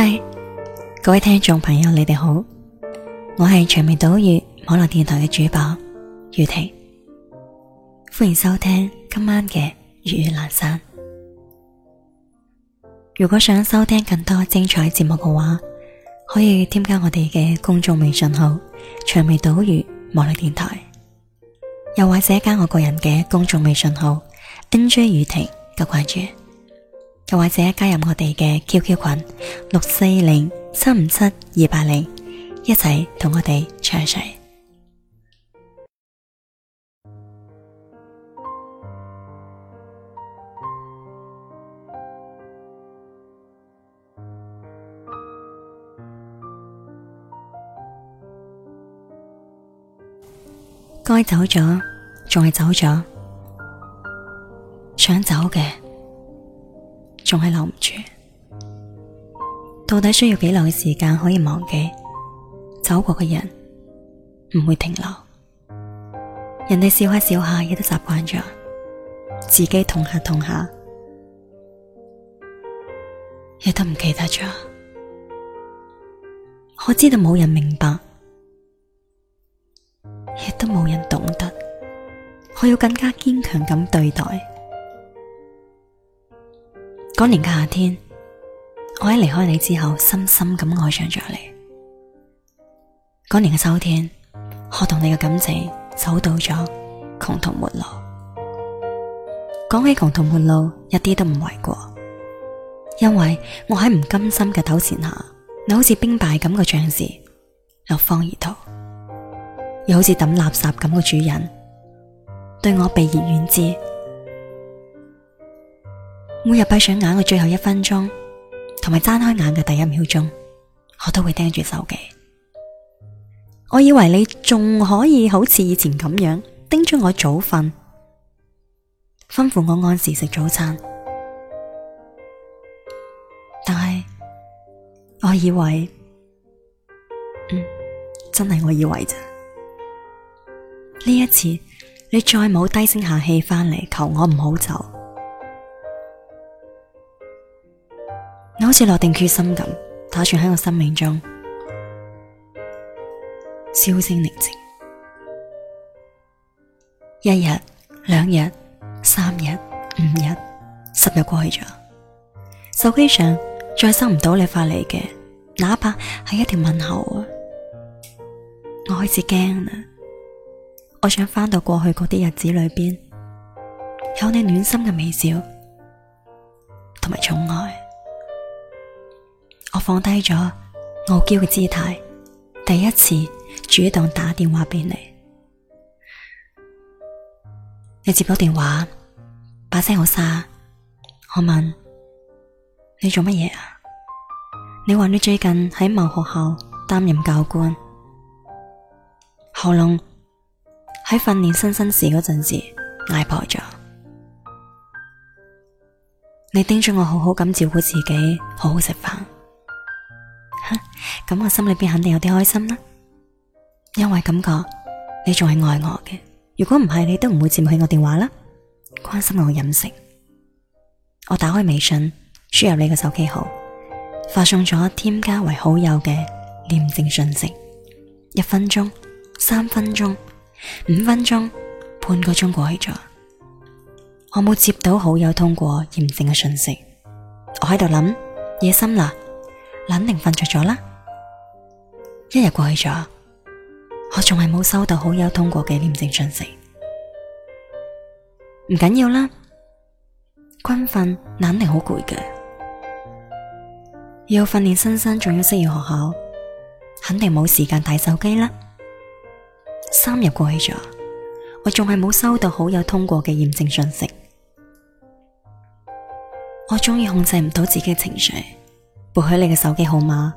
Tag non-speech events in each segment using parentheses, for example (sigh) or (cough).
嗨，Hi，各位聽眾朋友，你哋好，我係長眉島嶼網絡電台嘅主播雨婷，歡迎收聽今晚嘅《月月闌珊》。如果想收聽更多精彩節目嘅話，可以添加我哋嘅公眾微信號長眉島嶼網絡電台，又或者加我個人嘅公眾微信號 nj 雨婷，夠掛住。又或者加入我哋嘅 QQ 群六四零七五七二八零，80, 一齊同我哋 share share 該走咗，仲係走咗，想走嘅。仲係留唔住，到底需要幾耐嘅時間可以忘記？走過嘅人唔會停留，人哋笑下笑下，亦都習慣咗，自己痛下痛下，亦都唔記得咗。我知道冇人明白，亦都冇人懂得，我要更加堅強咁對待。嗰年嘅夏天，我喺離開你之後，深深咁愛上咗你。嗰年嘅秋天，我同你嘅感情走到咗窮途末路。講起窮途末路，一啲都唔為過，因為我喺唔甘心嘅糾纏下，你好似兵敗咁嘅將士落荒而逃，又好似抌垃圾咁嘅主人，對我避而遠之。每日閉上眼嘅最後一分鐘，同埋睜開眼嘅第一秒鐘，我都會盯住手機。我以為你仲可以好似以前咁樣叮囑我早瞓，吩咐我按時食早餐。但係，我以為，嗯，真係我以為咋。呢一次，你再冇低聲下氣翻嚟求我唔好走。好似落定決心咁，打算喺我生命中銷聲匿跡。一日、兩日、三日、五日、十日過去咗，手機上再收唔到你發嚟嘅，哪怕係一條問候啊！我開始驚啦，我想翻到過去嗰啲日子裏邊，有你暖心嘅微笑同埋寵愛。放低咗傲嬌嘅姿態，第一次主動打電話俾你，你接到電話，把聲好沙，我問你做乜嘢啊？你話你最近喺某學校擔任教官，喉嚨喺訓練新生時嗰陣時嗌破咗，你叮囑我好好咁照顧自己，好好食飯。咁我心裏邊肯定有啲開心啦，因為感覺你仲係愛我嘅。如果唔係，你都唔會接起我電話啦，關心我飲食。我打開微信，輸入你個手機號，發送咗添加為好友嘅驗證信息。一分鐘、三分鐘、五分鐘、半個鐘過去咗，我冇接到好友通過驗證嘅信息。我喺度諗，夜深啦，肯定瞓着咗啦。一日過去咗，我仲係冇收到好友通過嘅驗證信息。唔緊要啦，軍訓肯定好攰嘅，要訓練新生，仲要適應學校，肯定冇時間睇手機啦。三日過去咗，我仲係冇收到好友通過嘅驗證信息。我終於控制唔到自己嘅情緒，撥去你嘅手機號碼。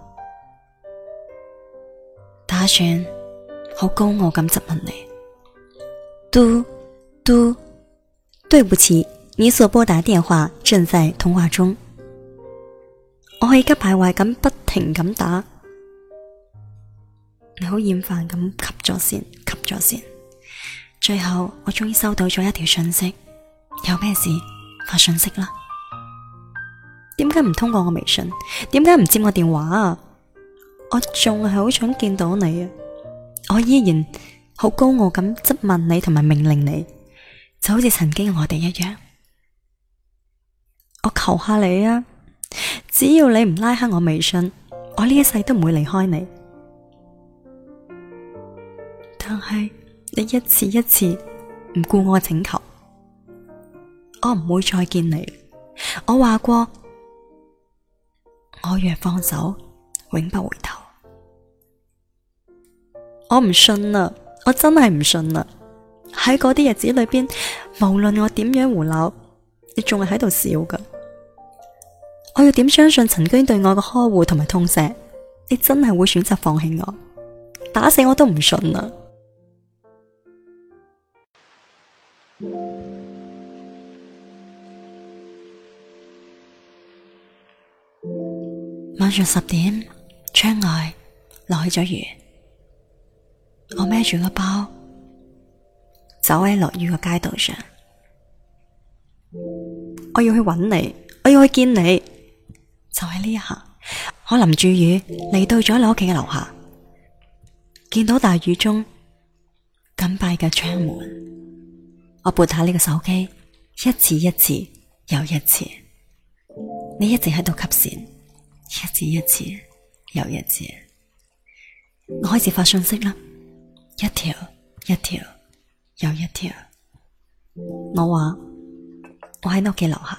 阿好高傲咁質問你。嘟嘟，對不起，你所撥打電話正在通話中，我係急敗壞咁不停咁打，你好厭煩咁吸咗先，吸咗先。最後我終於收到咗一條信息，有咩事發信息啦？點解唔通過我微信？點解唔接我電話啊？我仲係好想見到你啊！我依然好高傲咁質問你同埋命令你，就好似曾經我哋一樣。我求下你啊！只要你唔拉黑我微信，我呢一世都唔會離開你。但係你一次一次唔顧我嘅請求，我唔會再見你。我話過，我若放手，永不回頭。我唔信啦，我真係唔信啦！喺嗰啲日子裏邊，無論我點樣胡鬧，你仲係喺度笑噶。我要點相信曾經對我嘅呵護同埋痛錫，你真係會選擇放棄我？打死我都唔信啦！晚上十點，窗外落起咗雨。我孭住個包，走喺落雨嘅街道上。我要去揾你，我要去見你。就喺呢一下，我淋住雨嚟到咗你屋企嘅樓下，見到大雨中緊閉嘅窗門，我撥下呢個手機，一次一次又一次，你一直喺度吸線，一次一次又一次，我開始發信息啦。一條，一條，又一條。我話我喺你屋企樓下。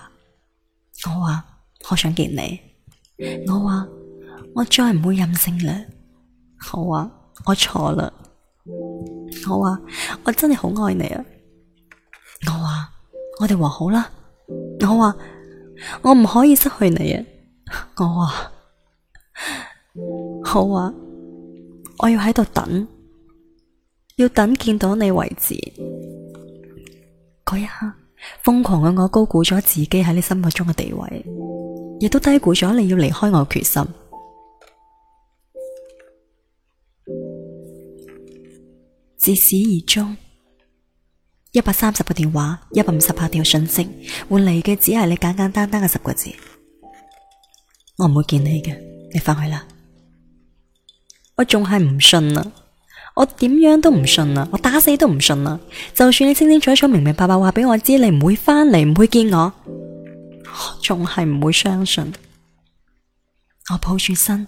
我話我想見你。我話我再唔會任性啦。我話我錯啦。我話我，我，我真係好愛你啊。我話我哋和好啦。我話我唔可以失去你啊。我話好啊。我要喺度等。要等見到你為止，嗰一刻瘋狂嘅我高估咗自己喺你心目中嘅地位，亦都低估咗你要離開我嘅決心。自始而終，一百三十個電話，一百五十八條信息，換嚟嘅只係你簡簡單單嘅十個字：我唔會見你嘅，你翻去啦。我仲係唔信啊！我點樣都唔信啊，我打死都唔信啊！就算你清清楚楚、明明白白話俾我知，你唔會翻嚟，唔會見我，我仲係唔會相信。 (music) 我抱住身，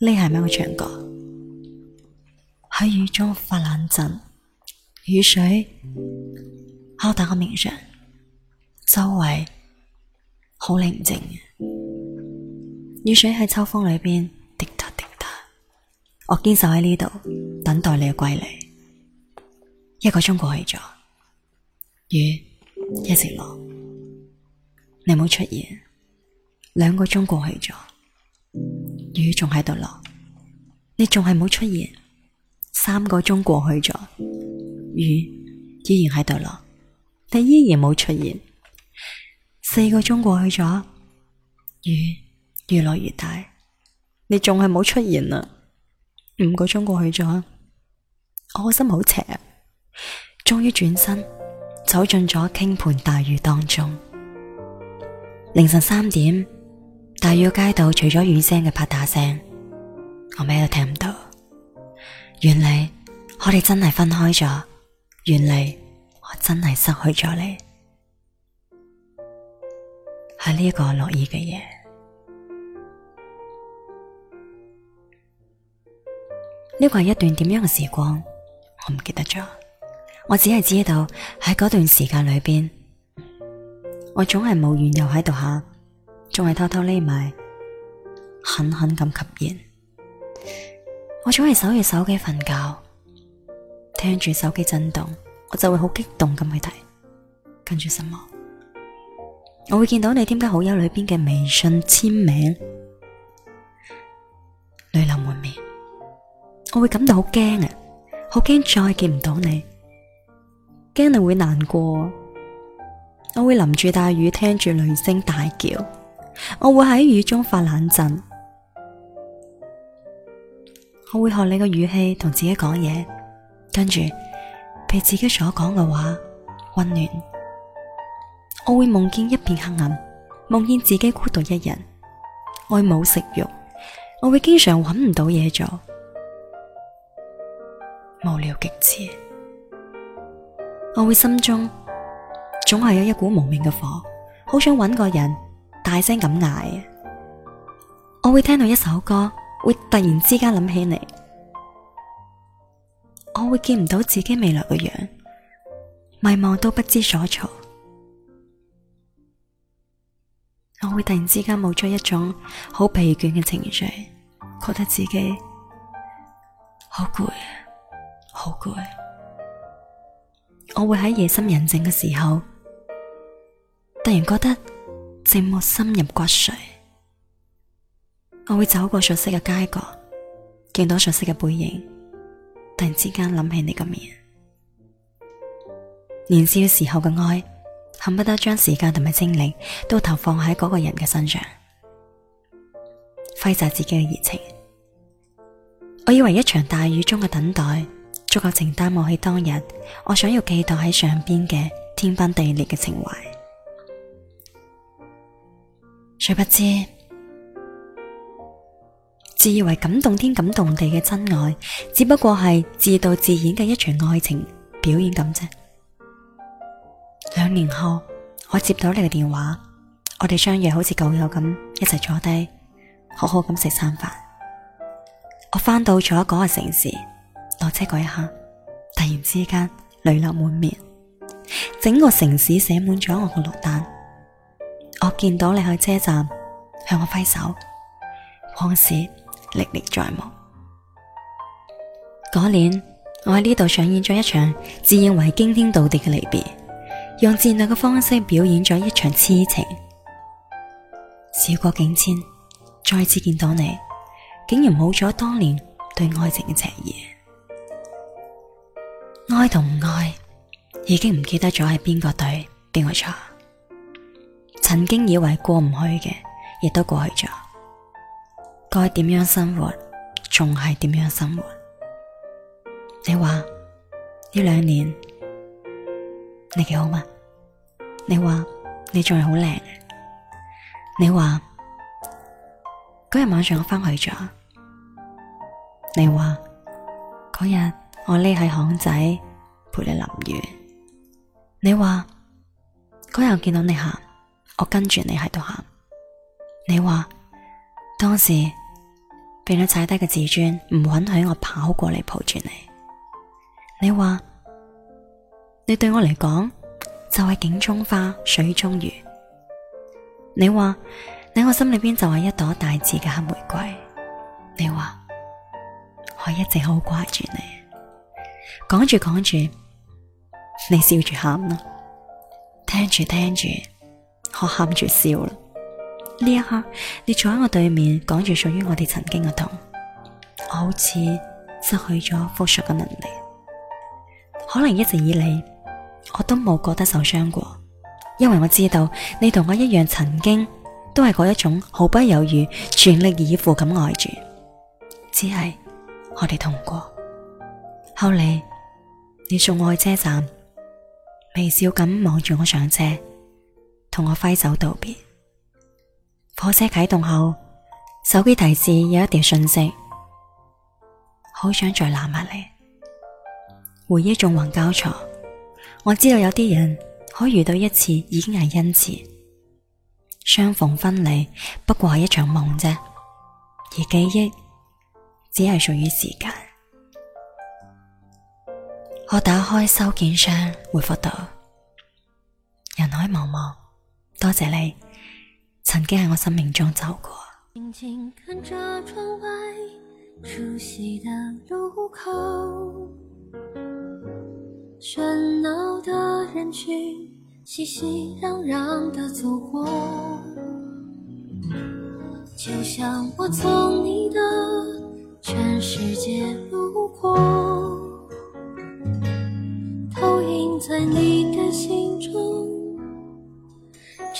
匿喺某個牆角。喺雨中發冷震，雨水敲打我面上，周圍好寧靜。雨水喺秋風裏邊滴答滴答。我堅守喺呢度。等待你嘅歸嚟，一個鐘過去咗，雨一直落，你冇出現。兩個鐘過去咗，雨仲喺度落，你仲係冇出現。三個鐘過去咗，雨依然喺度落，你依然冇出現。四個鐘過去咗，雨越來越大，你仲係冇出現啦。五個鐘過去咗。我心好邪，終於轉身走進咗傾盆大雨當中。凌晨三點，大雨街道除咗雨聲嘅拍打聲，我咩都聽唔到。原嚟，我哋真係分開咗，原嚟，我真係失去咗你，係呢個落雨嘅夜，呢個係一段點樣嘅時光？我唔記得咗，我只係知道喺嗰段時間裏邊，我總係冇緣由喺度喊，仲係偷偷匿埋，狠狠咁吸煙。我總係守住手機瞓覺，聽住手機震動，我就會好激動咁去睇，跟住失望，我會見到你添加好友裏邊嘅微信簽名，淚流滿面，我會感到好驚啊！好驚再見唔到你，驚你會難過，我會淋住大雨，聽住雷聲大叫，我會喺雨中發冷震，我會學你個語氣同自己講嘢，跟住被自己所講嘅話溫暖，我會夢見一片黑暗，夢見自己孤獨一人，我冇食慾，我會經常揾唔到嘢做。無聊極致。我會心中總係有一股無名嘅火，好想揾個人大聲咁嗌。我會聽到一首歌，會突然之間諗起你。我會見唔到自己未來嘅樣，迷茫都不知所措。我會突然之間冒出一種好疲倦嘅情緒，覺得自己好攰。好攰，我會喺夜深人靜嘅時候，突然覺得寂寞深入骨髓。我會走過熟悉嘅街角，見到熟悉嘅背影，突然之間諗起你嘅面。年少時候嘅愛，恨不得將時間同埋精力都投放喺嗰個人嘅身上，揮灑自己嘅熱情。我以為一場大雨中嘅等待。足夠承擔我喺當日我想要寄託喺上邊嘅天崩地裂嘅情懷。誰不知，自以為感動天感動地嘅真愛，只不過係自導自演嘅一場愛情表演咁啫。兩年後，我接到你嘅電話，我哋相約好似舊友咁一齊坐低，好好咁食餐飯。我返到咗嗰個城市。落車嗰一刻，突然之間淚流滿面。整個城市寫滿咗我個落單。我見到你去車站向我揮手，往事歷歷在目。嗰年我喺呢度上演咗一場自認為驚天動地嘅離別，用自虐嘅方式表演咗一場癡情。事過境遷，再次見到你，竟然冇咗當年對愛情嘅邪意。愛同唔愛，已經唔記得咗係邊個對邊個錯。曾經以為過唔去嘅，亦都過去咗。該點樣生活，仲係點樣生活？你話呢兩年你幾好嘛？你話你仲係好靚。你話嗰日晚上我翻去咗。你話嗰日。我匿喺巷仔陪你淋雨，你話嗰日見到你喊，我跟住你喺度喊。你話當時俾你踩低嘅自尊唔允許我跑過嚟抱住你。你話你對我嚟講就係鏡中花水中月。你話你喺我心裏邊就係一朵帶刺嘅黑玫瑰。你話我一直好掛住你。講住講住，你笑住喊啦；聽住聽住，我喊住笑啦。呢一刻，你坐喺我對面講住屬於我哋曾經嘅痛，我好似失去咗複述嘅能力。可能一直以嚟，我都冇覺得受傷過，因為我知道你同我一樣，曾經都係嗰一種毫不猶豫、全力以赴咁愛住，只係我哋痛過，後嚟。你送我去車站，微笑咁望住我上車，同我揮手道別。火車啟動後，手機提示有一條信息，好想再攬下你。回憶縱橫交錯，我知道有啲人可遇到一次已經係恩賜，相逢分離不過係一場夢啫，而記憶只係屬於時間。我打開收件箱，回覆到：人海茫茫，多謝你，曾經喺我生命中走過。靜靜看著窗外，熟悉的路口，喧鬧的人群，熙熙攘攘的走過，就像我從你的全世界。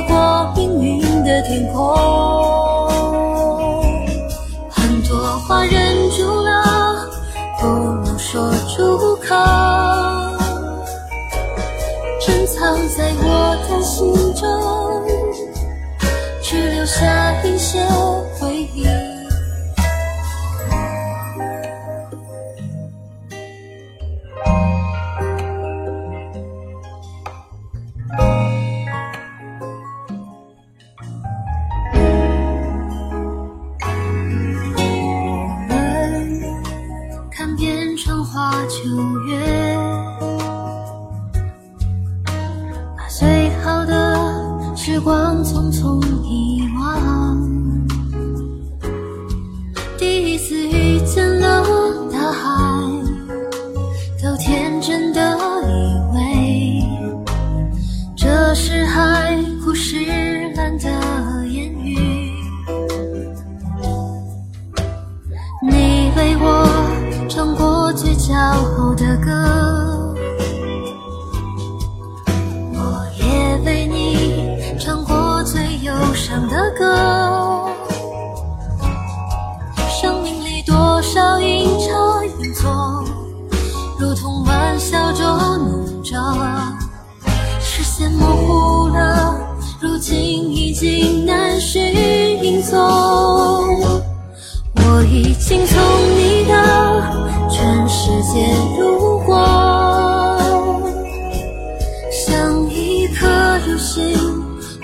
劃過命運的天空。